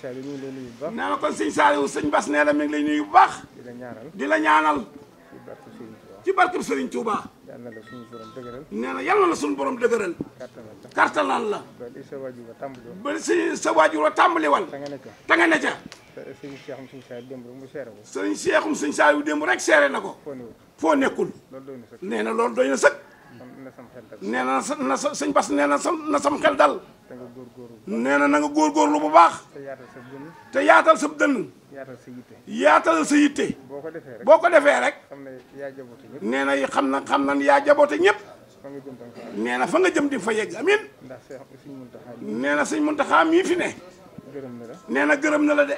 Saliou mi ngi lay nuyu bu baax nee na kon sëñ Saliou sëñ Bass nee na mi ngi lay nuyu bu baax di la ñaanal di la ñaanal ci barkeb Serigne Touba yal na la suñu borom dëgëral nee na yal na la suñu borom dëgëral kartalan la ba sa waajur wa tàmbali ba li si sa waajur wa tàmbali woon ta nga ca ta ca sëñ Seexum sëñ Saliou démb mu seere ko sëñ Seexum sëñ Saliou démb rek seere na ko foo nekkul loolu nee na loolu doy na sëkk nee na na sa sëñ Bas nee na sam na sam xel dal. nee na na nga góorgóorlu bu baax. te yaatal sa dënn. yaatal sa yitte. yaatal sa yitte. boo ko defee rek boo ko defee rek. nee na xam na xam na yaa jaboote ñëpp. nee na fa nga jëm di fa yegg amin nee na sëñ Muntaxa mii fi ne. gërëm na nee na gërëm na la de.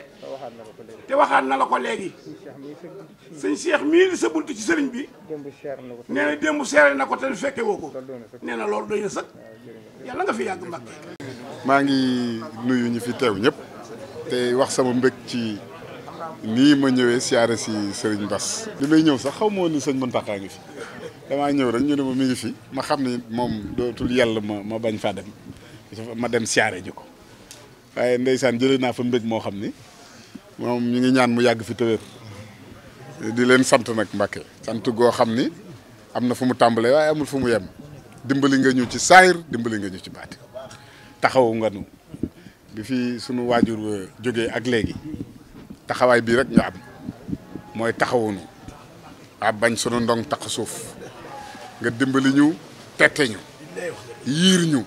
te waxaat na la ko léegi. na la ko léegi. sëñ Cheikh mii di sa buntu ci sëriñ bi. démb seer na ko nee na démb seere na ko te fekke woo ko. nee na loolu doy na sax yàlla nga fi yàgg Mbàkke. maa ngi nuyu ñu fi teew ñëpp te wax sama mbëg ci nii ma ñëwee siyaare si sëriñ Bass. li may ñëw sax xaw ma woon ni sëñ Mountakha ngi fi damaa ñëw rek ñu ne ma mi ngi fi ma xam ni moom dootul yàlla ma ma bañ faa dem ma dem siyaare ji ko. waaye ndeysaan jëlee naa fa mbég moo xam ni moom ñu ngi ñaan mu yàgg fi tëwër di leen sant nag Mbàkke sant goo xam ni am na fu mu tàmbalee waaye amul fu mu yem dimbali nga ñu ci saayir dimbali nga ñu ci baati taxawu nga nu bi fi sunu waajur jógee ak léegi taxawaay bii rek nga am mooy taxawu nu bañ sunu ndong taq suuf nga dimbali ñu tette ñu yiir ñu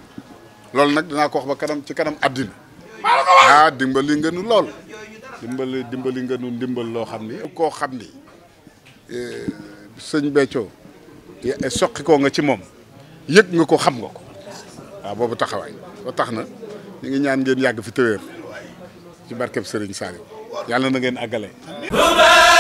loolu nag dinaa ko wax ba kanam ci kanam àddina ah dimbali nga lool dimbali dimbali nga nu ndimbal loo xam ni koo xam ni eh, sëñ Béthio eh, soqi koo nga ci moom yëg nga ko xam nga ko waaw ah, boobu taxawaay ba tax na ñu ngi ñaan ngeen yàgg fi téwéer ci barkeb Serigne Saliou yàlla na ngeen àggale